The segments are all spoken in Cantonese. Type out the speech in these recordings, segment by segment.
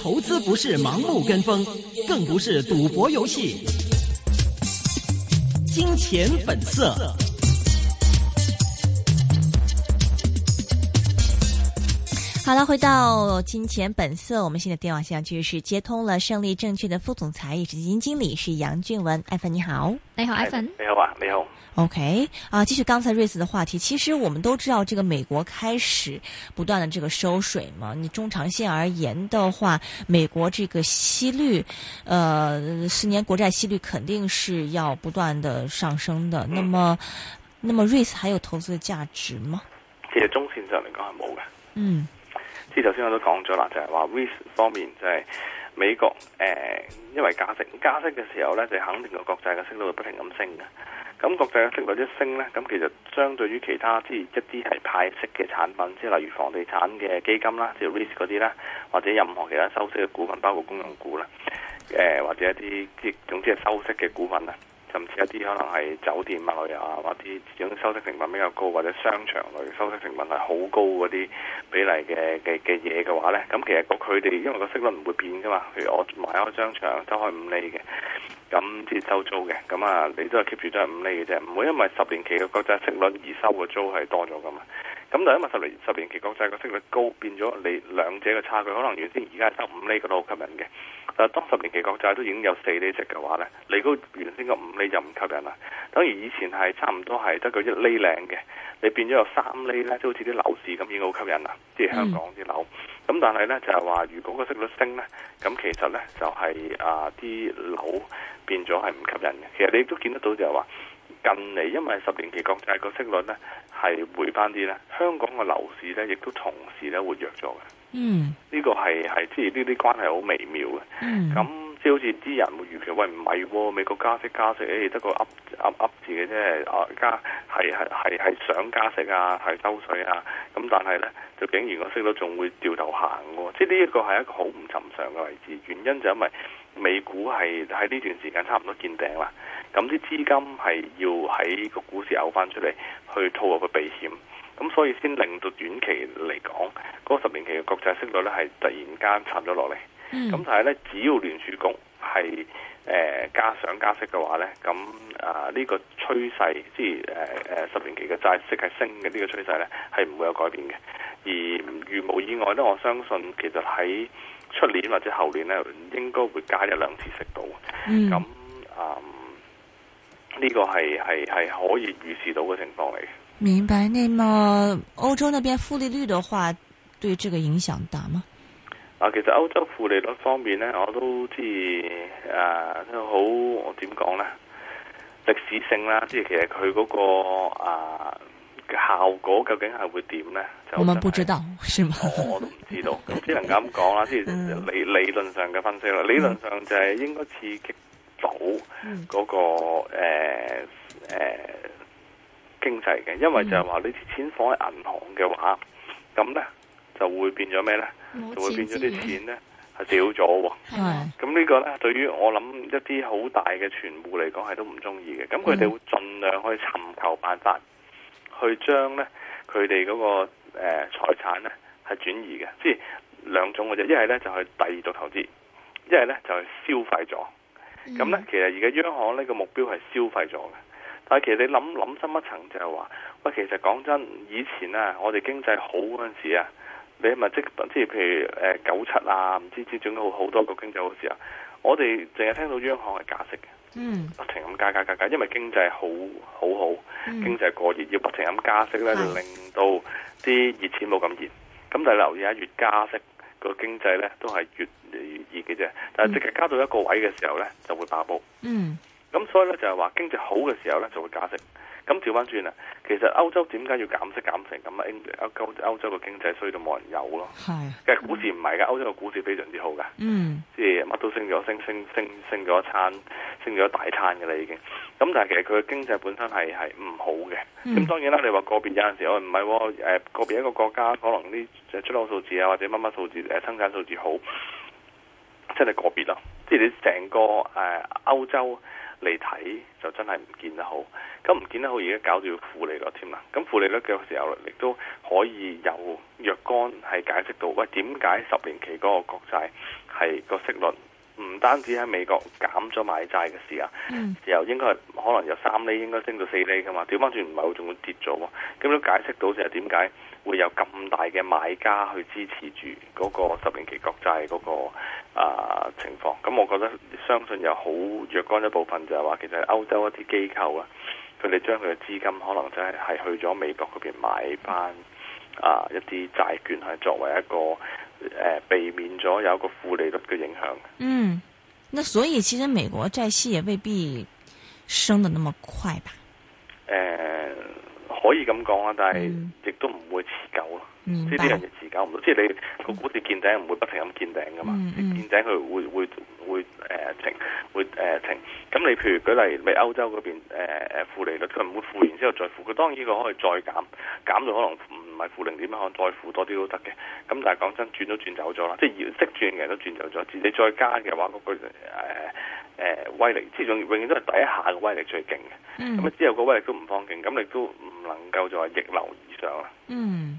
投資不是盲目跟風，更不是賭博遊戲。金錢本色。好了，回到金錢本色，我們現在電話綫上其實是接通了勝利證券的副總裁，以及基金經理，是楊俊文。艾粉你好，你好，艾粉，你好啊，你好。OK 啊，繼續剛才 r 瑞 s 的話題。其實我們都知道，這個美國開始不斷的這個收水嘛。你中長線而言的話，美國這個息率，呃，十年國債息率肯定是要不斷的上升的。那麼，嗯、那麼 r 瑞 s 還有投資的價值嗎？其實中線上嚟講係冇嘅。嗯，即係頭先我都講咗啦，就係話瑞 s 方面就係美國誒、呃，因為加息，加息嘅時候咧，就肯定個國債嘅息率會不停咁升嘅。咁國際嘅息率一升咧，咁其實相對於其他即係一啲係派息嘅產品，即係例如房地產嘅基金啦，即係 risk 嗰啲啦，或者任何其他收息嘅股份，包括公用股啦，誒、或者一啲即總之係收息嘅股份啦。甚至一啲可能係酒店類啊，或啲自己收息成本比較高，或者商場類收息成本係好高嗰啲比例嘅嘅嘅嘢嘅話咧，咁其實佢哋因為個息率唔會變噶嘛。譬如我買開商場收開五厘嘅，咁即收租嘅，咁啊你都係 keep 住都係五厘嘅啫，唔會因為十年期嘅國債息率而收嘅租係多咗噶嘛。咁但係因為十年十年期國債個息率高，變咗你兩者嘅差距，可能原先而家收五厘都好吸引嘅。但係當十年期國債都已經有四厘息嘅話咧，你個原先個五厘就唔吸引啦。當然以前係差唔多係得個一厘零嘅，你變咗有三厘咧，都好似啲樓市咁已經好吸引啦，即係香港啲樓。咁、mm. 但係咧就係話，如果個息率升咧，咁其實咧就係啊啲樓變咗係唔吸引嘅。其實你都見得到就係話。.近嚟因為十年期國債個息率咧係回翻啲咧，香港嘅樓市咧亦都同時咧活躍咗嘅。嗯，呢、這個係係即係呢啲關係好微妙嘅。嗯，咁即係好似啲人會預期喂唔係、哦、美國加息加息誒得、哎、個噏噏噏字嘅啫。啊，加係係係係想加息啊，係收水啊。咁但係咧就竟然個息率仲會掉頭行喎，即係呢一個係一個好唔尋常嘅位置。原因就因為美股係喺呢段時間差唔多見頂啦。咁啲資金係要喺個股市拗翻出嚟，去套落個避險，咁所以先令到短期嚟講，嗰、那個、十年期嘅國債息率咧係突然間沉咗落嚟。咁但係咧，只要聯儲局係、呃、加上加息嘅話咧，咁呢、呃這個趨勢，即係、呃、十年期嘅債息係升嘅呢、這個趨勢咧，係唔會有改變嘅。而如無意外咧，我相信其實喺出年或者後年咧，應該會加一兩次息到。咁、嗯、啊～、呃呢、這個係係係可以預示到嘅情況嚟嘅。明白，咁麼歐洲那邊負利率的話，對這個影響大嗎？啊，其實歐洲負利率方面呢我都知啊，好我點講呢歷史性啦，即係其實佢嗰、那個啊效果究竟係會點咧？我們不知道，是嗎？ 我都唔知道， 只能咁講啦，即 係、啊、理理論上嘅分析啦，理論上就係應該刺激。好、嗯、嗰、那個誒誒、呃呃、經濟嘅，因為就係話你啲錢放喺銀行嘅話，咁、嗯、咧就會變咗咩咧？就會變咗啲錢咧係 少咗喎。係咁呢個咧，對於我諗一啲好大嘅存戶嚟講係都唔中意嘅。咁佢哋會盡量去尋求辦法去將呢，去將咧佢哋嗰個誒財、呃、產咧係轉移嘅。即係兩種，嘅啫，一係咧就去、是、第二度投資，一係咧就去、是、消費咗。咁咧，其實而家央行呢個目標係消費咗嘅。但係其實你諗諗深一層就係話，喂，其實講真，以前啊，我哋經濟好嗰陣時是不是、呃、啊，你咪即即譬如誒九七啊，唔知之前好好多個經濟好時啊，我哋淨係聽到央行係、嗯、加息嘅，不停咁加加加加，因為經濟好好好，嗯、經濟過熱，要不停咁加息咧，就令到啲熱錢冇咁熱。咁就留意一下越加息。那個經濟咧都係越嚟越熱嘅啫，但係即刻加到一個位嘅時候咧就會打波。嗯，咁所以咧就係、話經濟好嘅時候咧就會加息。咁調翻轉啊！其實歐洲點解要減息減成咁啊？歐洲個經濟衰到冇人有咯。係，其實股市唔係㗎，歐洲個股市非常之好㗎。嗯，即係乜都升咗，升升升升咗一餐，升咗一大餐㗎啦已經。咁但係其實佢嘅經濟本身係係唔好嘅。咁、嗯、當然啦，你話個別有陣時，我唔係喎，個別一個國家可能呢出口數字啊，或者乜乜數字誒生產數字好，即係個別咯。即、就、係、是、你成個誒、呃、歐洲，嚟睇就真係唔見得好，咁唔見得好而家搞到負利率添啦，咁負利率嘅時候亦都可以有若干係解釋到，喂，點解十年期嗰個國債係個息率唔單止喺美國減咗買債嘅時候，又應該可能由三厘應該升到四厘噶嘛，調翻轉唔係會仲會跌咗喎，咁都解釋到就係點解？會有咁大嘅買家去支持住嗰個十年期國債嗰、那個啊、呃、情況，咁我覺得相信有好若干一部分就係話，其實歐洲一啲機構啊，佢哋將佢嘅資金可能真係係去咗美國嗰邊買翻啊一啲債券，係作為一個誒避免咗有一個負利率嘅影響。嗯，那所以其實美國債息也未必升得那麼快吧？誒、嗯。可以咁講啊，但係亦都唔會持久咯。即係呢樣嘢自搞唔到，即係你個股市見頂唔會不停咁見頂㗎嘛，嗯嗯，見頂佢會會會誒、呃、停，會誒、呃、停。咁你譬如舉例，你歐洲嗰邊誒誒負利率，佢唔會負完之後再負，佢當然佢可以再減，減到可能唔係負零點，可能再負多啲都得嘅。咁但係講真，轉都轉走咗啦，即係要識轉嘅人都轉走咗。自你再加嘅話，嗰、那個誒誒、呃呃、威力，即係永遠都係第一下嘅威力最勁嘅。咁、嗯、之後個威力都唔放勁，咁你都唔能夠再逆流而上啦。嗯。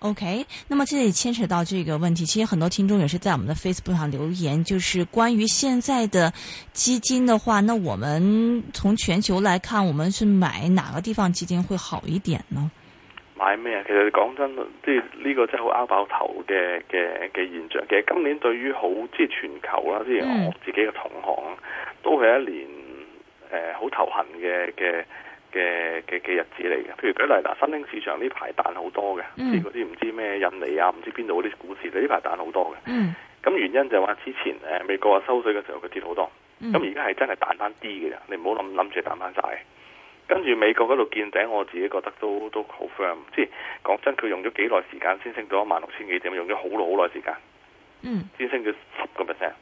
OK？那麼這裏牽扯到這個問題，其實很多聽眾也是在我們的 Facebook 上留言，就是關於現在的基金的話，那我們從全球來看，我們是買哪個地方基金會好一點呢？買咩啊？其實講真，即係呢個真係好拗爆頭嘅嘅嘅現象。其實今年對於好即係全球啦，即係我自己嘅同行，嗯、都係一年誒好頭痕嘅嘅。呃嘅嘅嘅日子嚟嘅，譬如舉例嗱，新興市場呢排彈好多嘅，嗰啲唔知咩印尼啊，唔知邊度嗰啲股市，呢排彈好多嘅。嗯，咁原因就係話之前誒美國收水嘅時候佢跌好多，咁而家係真係彈翻啲嘅啫，你唔好諗諗住彈翻晒，跟住美國嗰度見頂，我自己覺得都都好 firm，即係講真，佢用咗幾耐時間先升到一萬六千幾點，用咗好耐好耐時間。嗯，只升咗十個 percent，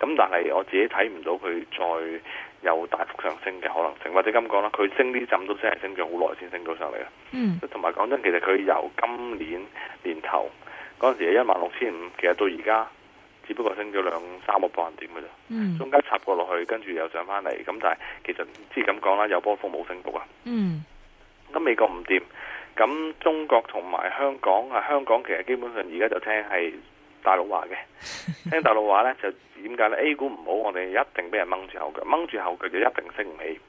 咁但係我自己睇唔到佢再有大幅上升嘅可能性，或者咁講啦，佢升呢浸都真係升咗好耐先升到上嚟嘅。嗯，同埋講真，其實佢由今年年頭嗰陣時一萬六千五，其實到而家只不過升咗兩三個百分點嘅啫。中間插過落去，跟住又上翻嚟，咁但係其實即係咁講啦，有波幅冇升幅啊。嗯，咁美國唔掂，咁中國同埋香港啊，香港其實基本上而家就聽係。 大陸話嘅，聽大陸話呢，就點解呢？A 股唔好，我哋一定俾人掹住後腳，掹住後腳就一定升唔起。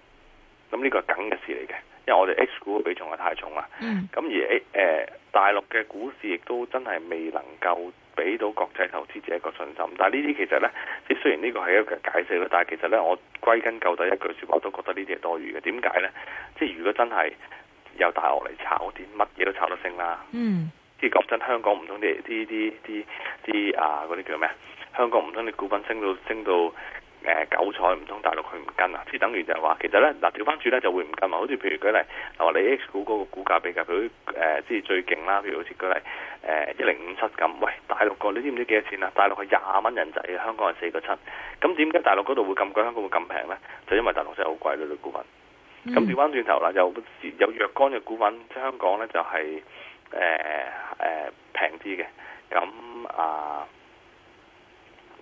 咁呢個係梗嘅事嚟嘅，因為我哋 H 股嘅比重係太重啦。咁、嗯、而、呃、大陸嘅股市亦都真係未能夠俾到國際投資者一個信心。但呢啲其實呢，即雖然呢個係一個解釋啦，但其實呢，我歸根究底一句說話，我都覺得呢啲係多餘嘅。點解呢？即係如果真係有大鱷嚟炒啲乜嘢都炒得升啦。嗯講真，香港唔通啲啲啲啲啲啊嗰啲叫咩？香港唔通啲股份升到升到誒九彩，唔、呃、通大陸佢唔跟啊？即係等於就係話，其實呢，嗱調翻轉呢就會唔跟啊！好似譬如舉例話你 X 股嗰個股價比較，佢誒即係最勁啦。譬如好似舉例誒一零五七咁，喂，大陸個你知唔知幾多錢啊？大陸係廿蚊人仔嘅，香港係四個七。咁點解大陸嗰度會咁貴，香港會咁平呢？就因為大陸真係好貴呢啲股份。咁調翻轉頭啦，有有若干嘅股份，即係香港呢就係、是。誒誒平啲嘅，咁、呃、啊、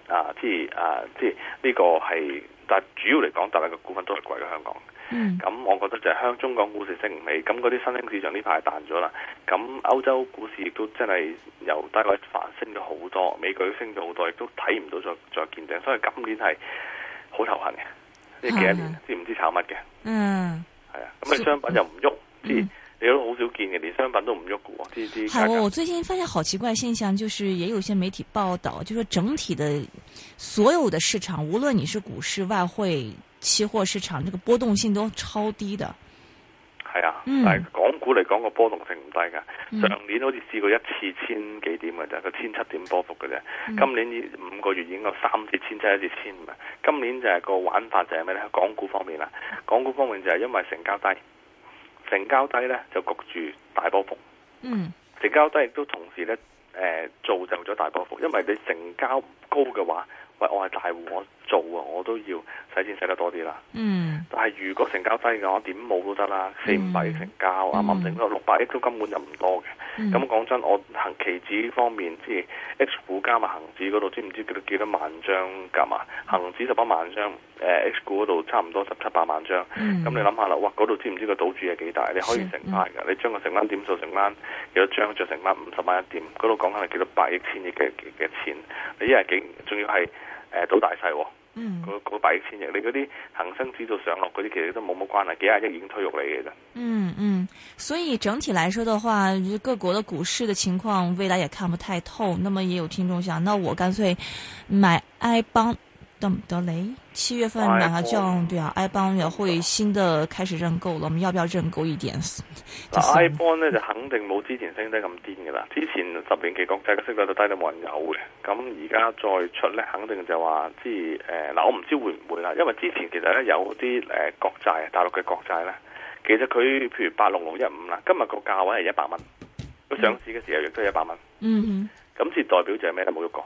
嗯、啊，即係啊，即係呢個係，但係主要嚟講，大陸嘅股份都係貴過香港。咁、嗯、我覺得就係香中港股市升唔起，咁嗰啲新興市場呢排彈咗啦，咁歐洲股市亦都真係由大概繁升咗好多，美國都升咗好多，亦都睇唔到再再見頂，所以今年係好頭痕嘅，呢幾年即係唔知炒乜嘅？嗯，係啊，咁、嗯、你商品又唔喐，即、嗯、係。你都好少見嘅，連商品都唔喐嘅。我最近發現好奇怪現象，就是也有些媒體報道，就說、是、整體的所有的市場，無論你是股市、外匯、期貨市場，這個波動性都超低的。係啊，嗯，但係港股嚟講個波動性唔低嘅，上年好似試過一次千幾點就啫，個千七點波幅嘅啫、嗯。今年五個月已經有三次千七，一次千五。今年就係個玩法就係咩呢？港股方面啦、啊，港股方面就係因為成交低。成交低咧就焗住大波幅，嗯，成交低亦都同時咧，誒、呃、造就咗大波幅，因為你成交唔高嘅話，喂，我係大戶，我做啊，我都要使錢使得多啲啦，嗯，但係如果成交低嘅話，我點冇都得啦、啊，四五億成交，啱啱整六百億都根本就唔多嘅。咁、嗯、講真，我恆期指方面，即係 X 股加埋恒指嗰度，知唔知幾多幾多萬張夾埋恒指十八萬張，誒、呃、H 股嗰度差唔多十七八萬張。咁、嗯嗯、你諗下啦，哇！嗰度知唔知個賭注係幾大？你可以成塊㗎，嗯、你將個成單點數成單，幾多張著成單五十蚊一點，嗰度講緊係幾多百億千億嘅嘅錢。你一係幾，仲要係誒賭大細、啊，個個百億千億，你嗰啲恒生指數上落嗰啲，其實都冇乜關係，幾廿億已經推喐你嘅啫。嗯嗯。所以整體來說的話，就是各國的股市的情況未來也看不太透。那麼也有聽眾想，那我乾脆買 iBond、得唔得，七月份兩個將對啊，iBond 也會新的開始認購了。我、嗯、們要不要認購一點？iBond、就是、呢就肯定冇之前升得咁癲噶啦。之前十年期國債嘅息率都低到冇人有嘅。咁而家再出咧，肯定就話即係誒，嗱、呃，我唔知道會唔會啦。因為之前其實咧有啲誒、呃、國債，大陸嘅國債咧。其實佢譬如，八六六一五啦，今日個價位係一百蚊，佢上市嘅時候亦都係一百蚊。嗯哼，咁即代表住咩咧？冇喐過。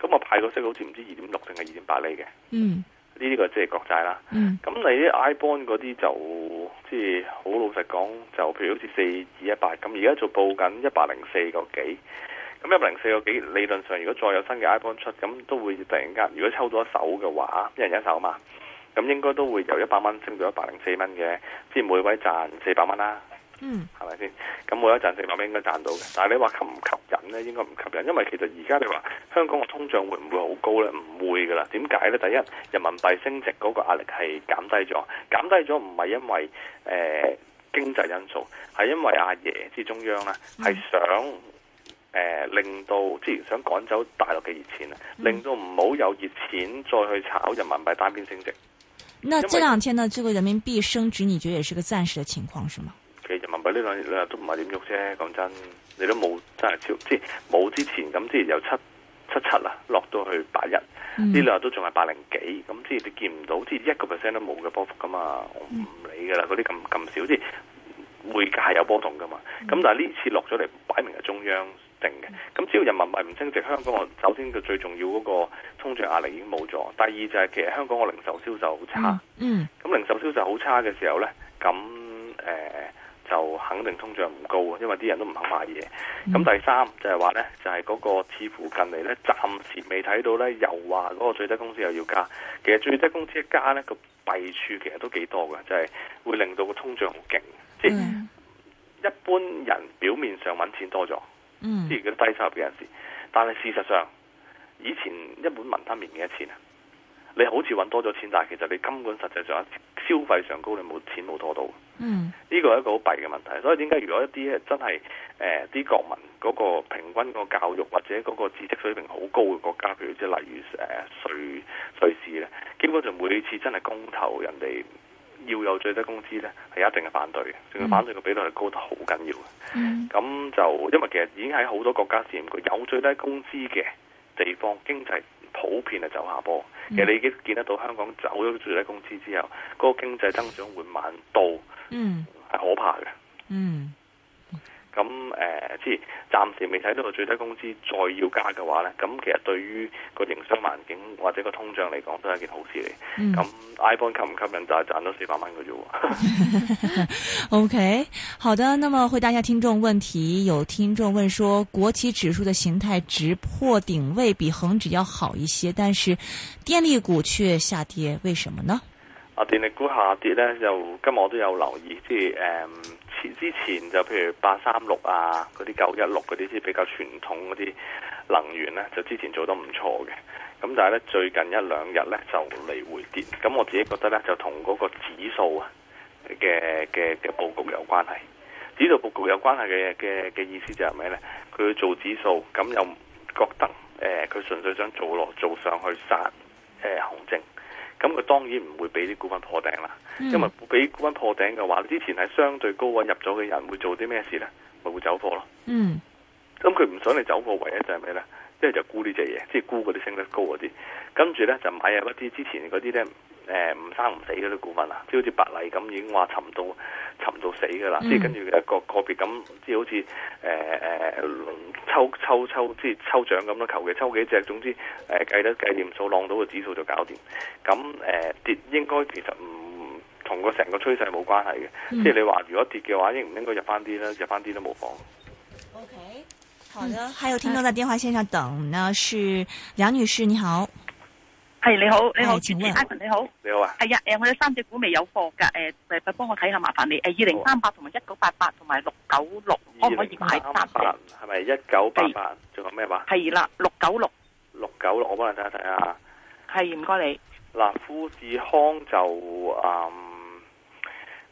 咁我派個息好似唔知二點六定係二點八厘嘅。嗯，呢個即係國債啦。嗯、mm.，咁你啲 I bond 嗰啲就即係好老實講，就譬如好似四二一八。咁，而家做報緊一百零四個幾。咁一百零四個幾理論上如果再有新嘅 I bond 出，咁都會突然間如果抽到一手嘅話，一人一手嘛。咁應該都會由一百蚊升到一百零四蚊嘅，即係每位賺四百蚊啦。嗯，係咪先？咁每一位賺四百蚊應該賺到嘅。但係你話吸唔吸引呢？應該唔吸引，因為其實而家你話香港嘅通脹會唔會好高呢？唔會噶啦。點解呢？第一，人民幣升值嗰個壓力係減低咗，減低咗唔係因為誒、呃、經濟因素，係因為阿爺即中央呢係、嗯、想、呃、令到，即係想趕走大陸嘅熱錢啊、嗯，令到唔好有熱錢再去炒人民幣單邊升值。那這兩天呢，這個人民幣升值，你覺得也是個暫時嘅情況，是嗎？其實人民幣呢兩日都唔係點喐啫，講真，你都冇真係超即係冇之前咁，之前有七七七啦落到去八日呢、嗯、兩日都仲係八零幾，咁即係你見唔到，即係一個 percent 都冇嘅波幅噶嘛，我唔理噶啦，嗰啲咁咁少，即係會係有波動噶嘛，咁、嗯、但係呢次落咗嚟，擺明係中央。定、嗯、嘅，咁只要人民幣唔升值，香港我首先就最重要嗰個通脹壓力已經冇咗。第二就係其實香港個零售銷售好差，嗯，咁零售銷售好差嘅時候呢，咁、呃、就肯定通脹唔高啊，因為啲人都唔肯買嘢。咁、嗯嗯、第三就係話呢，就係嗰個似乎近嚟呢，暫時未睇到呢，又話嗰個最低工資又要加。其實最低工資一加呢，個弊處其實都幾多嘅，就係、是、會令到個通脹好勁。即、嗯、一般人表面上揾錢多咗。嗯，即係個低收入嘅人士，但係事實上，以前一碗雲吞麵幾多錢啊？你好似揾多咗錢，但係其實你根本實際上喺消費上高，你冇錢冇多到。嗯，呢個係一個好弊嘅問題。所以點解如果一啲真係誒啲國民嗰個平均個教育或者嗰個知識水平好高嘅國家，譬如即係例如誒瑞瑞士咧，基本上每次真係公投人哋。要有最低工資呢，係一定係反對嘅，仲要反對嘅比率係高得好緊要嘅。咁、嗯、就因為其實已經喺好多國家試驗過，有最低工資嘅地方經濟普遍係走下坡、嗯。其實你已經見得到香港走咗最低工資之後，嗰、嗰個經濟增長緩慢到係、嗯、可怕嘅。嗯。咁誒，即、呃、係暫時未睇到個最低工資再要加嘅話咧，咁其實對於個營商環境或者個通脹嚟講，都係一件好事嚟。咁 iBond 吸唔吸引，come come in, 就係賺到四百蚊嘅啫喎。 o、okay, K，好的，那麼回答一下聽眾問題。有聽眾問說，國企指數的形態直破頂位，比恒指要好一些，但是電力股卻下跌，為什麼呢？啊，電力股下跌咧，又今日我都有留意，即係誒。嗯之前就譬如八三六啊，嗰啲九一六嗰啲，即係比較傳統嗰啲能源呢，就之前做得唔錯嘅。咁但係呢，最近一兩日呢就嚟回跌。咁我自己覺得呢，就同嗰個指數啊嘅嘅嘅佈局有關係。指數佈局有關係嘅嘅嘅意思就係咩呢？佢做指數咁又覺得誒佢純粹想做落做上去殺誒、呃、熊證，咁佢當然唔會俾啲股份破頂啦，嗯、因為俾股份破頂嘅話，之前係相對高位入咗嘅人會做啲咩事咧？咪會走貨咯。嗯，咁佢唔想你走貨，唯一就係咩咧？一就沽呢隻嘢，即係沽嗰啲升得高嗰啲，跟住咧就買入一啲之前嗰啲咧。誒、呃、唔生唔死嗰啲股份啊，即係好似白泥咁，已經話沉到沉到死噶啦。即、嗯、係跟住個個別咁，即係好似誒誒抽抽抽，即係抽，抽獎咁咯，求其抽幾隻。總之誒、呃、計得計掂數，浪到個指數就搞掂。咁誒、呃、跌應該其實唔同個成個趨勢冇關係嘅。即係你話如果跌嘅話，應唔應該入翻啲咧？入翻啲都冇妨。O、okay. K，好啦，喺、嗯、有聽到在電話線上等呢，是梁女士，你好。你好，你好阿 s，你好，你好啊，係呀，誒，我三有三隻股未有貨噶，誒，誒，幫我睇下麻煩你，誒、呃，二零三八同埋一九八八同埋六九六，可唔可以買三隻？係咪一九八八？仲有咩話？係啦，六九六。六九六，我幫你睇下。睇啊。係，唔該你。嗱，富士康就，嗯，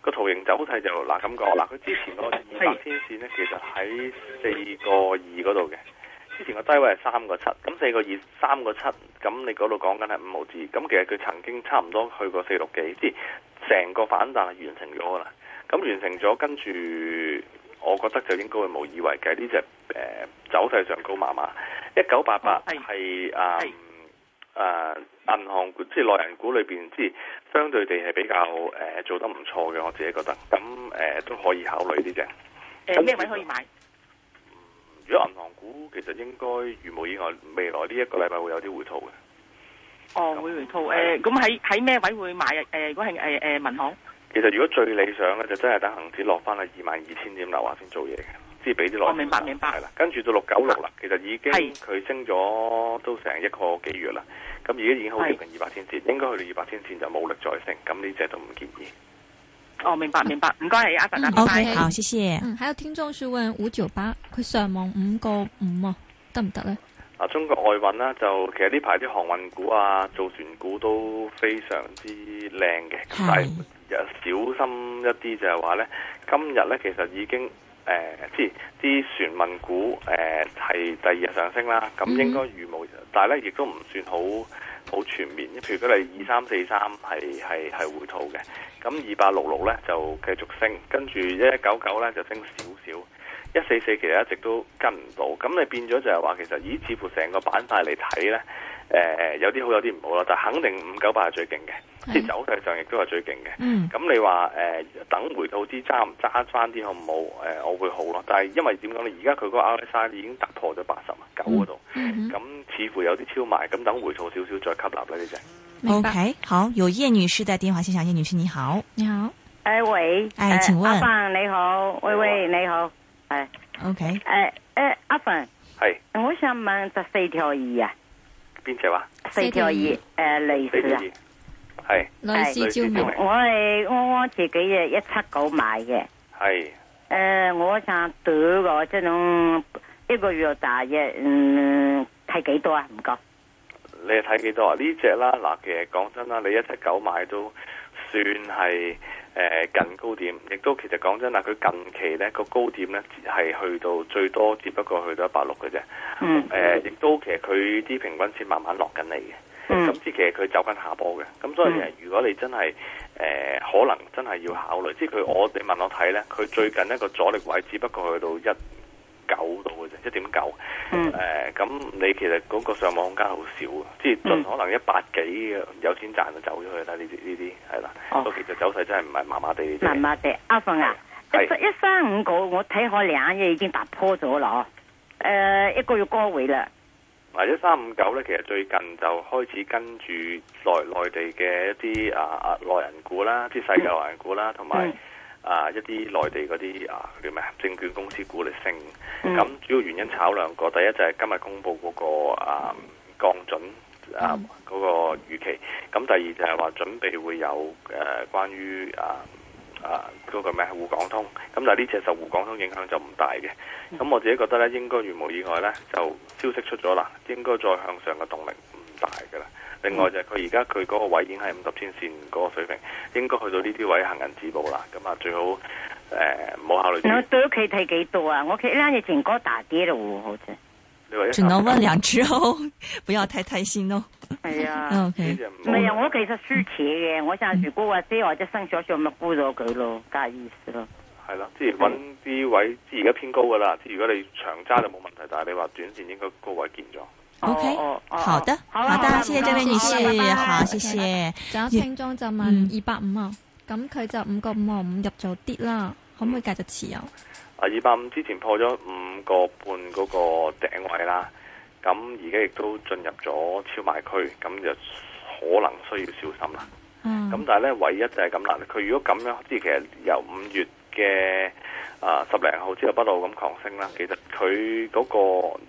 個圖形走勢就嗱咁講，嗱，佢之前個二百天線咧，其實喺四個二嗰度嘅。之前個低位係三個七，咁四個二，三個七，咁你嗰度講緊係五毫紙，咁其實佢曾經差唔多去過四六幾，即係成個反彈係完成咗噶啦。咁完成咗，跟住我覺得就應該會無以為繼。呢隻誒走勢上高麻麻，一九八八係誒誒銀行股，即係內銀股裏邊，即係相對地係比較誒、呃、做得唔錯嘅，我自己覺得。咁誒、呃、都可以考慮呢隻。誒、呃、咩位可以買？如果銀行股其實應該如無意外，未來呢一個禮拜會有啲回吐嘅。哦，會回吐誒，咁喺喺咩位會買誒、呃，如果係誒誒，銀、呃、行。其實如果最理想咧，就真係等恒指落翻去二萬二千點樓下先做嘢嘅，即係俾啲落。我明白明白。係啦，跟住到六九六啦，其實已經佢升咗都成一個幾月啦，咁而家已經好接近二百天線，應該去到二百天線就冇力再升，咁呢隻都唔建議。哦，明白明白，唔該，阿陳生，拜、嗯、謝。O、okay, K，好，謝謝。嗯，喺度聽眾是問五九八，佢上望五個五，得唔得呢？啊，中國外運啦，啊，就其實呢排啲航運股啊，造船股都非常之靚嘅，係，但小心一啲就係話呢，今日呢，其實已經誒，即係啲船運股誒係、呃、第二日上升啦，咁應該預謀，但係呢，亦都唔算好。好全面，譬如佢哋二三四三係係係回吐嘅，咁二八六六咧就繼續升，跟住一一九九咧就升少少，一四四其實一直都跟唔到，咁你變咗就係話其實以似乎成個板塊嚟睇咧，誒、呃、有啲好，有啲唔好啦，但係肯定五九八係最勁嘅，即係走勢上亦都係最勁嘅。嗯，咁你話誒、呃、等回吐啲揸唔揸翻啲好唔好，誒，我會好咯，但係因為點講咧？而家佢個 RSI 已經突破咗八十啊九嗰度，咁。嗯那似乎有啲超賣，咁等回吐少少再吸納咧，呢隻。O、okay, K，好，有葉女士嘅電話線上，葉女士你好，你好，誒、哎、喂，誒、哎，請問、啊、阿凡你好，喂喂你好，誒，O K，誒誒，阿、okay. 凡、啊，係、啊，我想問十四條二啊，邊隻話？四條二，誒、呃，類似啊，係，類似蕉木，我係我我自己嘅一七九買嘅，係，誒、嗯，我想得個這種一個月大約，嗯。睇幾多啊？唔該，你睇幾多啊？呢隻啦，嗱，其實講真啦，你一七九買都算係誒、呃、近高點，亦都其實講真啦，佢近期咧個高點咧係去到最多只不過去到一百六嘅啫。誒、嗯，亦、呃、都其實佢啲平均線慢慢落緊嚟嘅。咁、嗯、即其實佢走緊下波嘅。咁所以，如果你真係誒、嗯呃、可能真係要考慮，即係佢我哋問我睇咧，佢最近一個阻力位只不過去到一。九度嘅啫，一點九。誒、呃，咁你其實嗰個上網空間好少即係盡可能一百幾有錢賺就走咗去啦。呢啲呢啲係啦。哦，其實走勢真係唔係麻麻地。麻麻地，阿馮啊，一三五九，我睇我兩嘢已經突破咗啦，誒一個月高位啦。嗱、啊，一三五九咧，其實最近就開始跟住內內地嘅一啲啊啊內人股啦，啲世界內人股啦，同、嗯、埋。啊！一啲內地嗰啲啊，叫咩啊？證券公司股，嚟性咁，主要原因炒兩個，第一就係今日公布嗰個啊降準啊嗰個預期，咁第二就係話準備會有誒、啊、關於啊啊嗰個咩滬港通，咁但係呢隻受滬港通影響就唔大嘅，咁我自己覺得呢應該如無意外呢，就消息出咗啦，應該再向上嘅動力唔大嘅啦。另外就係佢而家佢嗰個位已經係五十天線嗰個水平，應該去到呢啲位置行緊止步啦。咁、呃哦、 啊，最好誒冇考慮。你對屋企睇幾多啊？我屋企兩隻前哥大跌咯，好似。只能我兩隻哦，不要太貪心哦。係啊。O K。唔係啊，我屋企實輸扯嘅，我趁住高或者或者升咗上咪沽咗佢咯，介意思咯。係啦，即係搵啲位，即係而家偏高噶啦。即係如果你長揸就冇問題，但係你話短線應該高位見咗。O、okay? K，好的，好的，謝謝這位女士，好，okay, 謝謝。就清裝就問二百五啊，咁、嗯、佢就五個五啊五入咗啲啦，可唔可以繼續持有？啊，二百五之前破咗五個半嗰個頂位啦，咁而家亦都進入咗超賣區，咁就可能需要小心啦。嗯、啊，咁但係咧，唯一就係咁啦，佢如果咁樣，即係其實由五月嘅，啊十零號之後不老咁狂升啦，其實佢嗰、那個。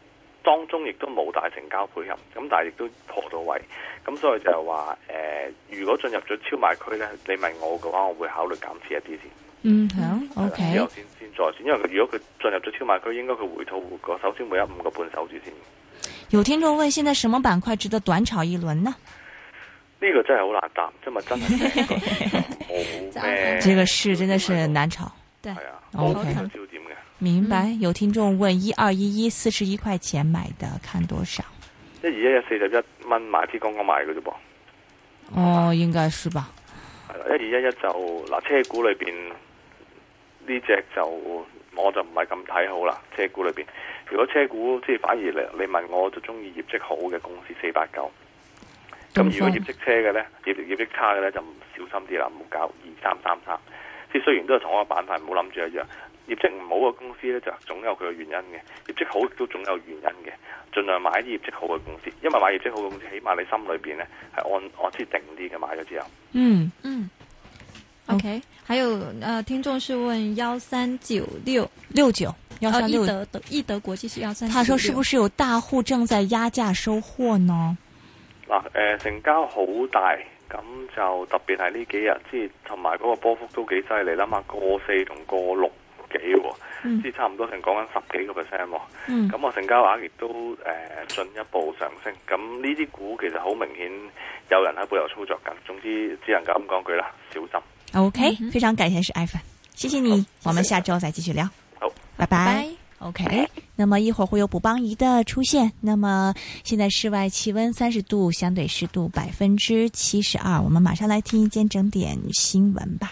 當中亦都冇大成交配合，咁但係亦都破到位，咁、嗯、所以就係話，誒、呃，如果進入咗超賣區咧，你問我嘅話，我會考慮減少一啲先。嗯，好，O、okay. K。先先再先，因為如果佢進入咗超賣區，應該佢回吐個，首先會有五個半守住先。有聽眾問：現在什麼板塊值得短炒一輪呢？呢、這個真係好難答，真係真係好，冇咩。 這個是真的是難炒，對 o、okay. 明白，嗯、有聽眾問：一二一一四十一塊錢買的，看多少？一二一一四十一蚊買，支剛剛買嘅啫噃。哦，應該是吧。係啦，一二一一就嗱，車股裏邊呢隻就我就唔係咁睇好啦。車股裏邊，如果車股即係反而你你問我就中意業績好嘅公司四八九。咁、嗯、如果業績差嘅咧，業業績差嘅咧就小心啲啦，唔好搞二三三三。即係雖然都係同一個板塊，唔好諗住一樣。業績唔好嘅公司咧，就總有佢嘅原因嘅；業績好都總有原因嘅。盡量買啲業績好嘅公司，因為買業績好嘅公司，起碼你心裏邊咧係按安之定啲嘅。買咗之後，嗯嗯，OK、oh.。還有，呃，聽眾是問幺三九六六九幺三六，益德益德，德，德國際是幺三。他說：是不是有大戶正在壓價收貨呢？嗱、呃，誒、呃，成交好大，咁就特別係呢幾日，即係同埋嗰個波幅都幾犀利啦嘛，想想想過四同過六。幾、嗯，即、嗯、差唔多成講緊十幾個 percent，咁我成交額亦都誒進、呃、一步上升，咁呢啲股其實好明顯有人喺背後操作緊，總之只能夠咁講句啦，小心。OK，、嗯、非常感謝是艾粉謝謝你，謝謝我們下周再繼續聊。好，拜拜。Bye bye okay. OK，那麼一會兒會有補幫儀的出現，那麼現在室外氣温三十度，相對濕度百分之七十二，我們馬上來聽一間整點新聞吧。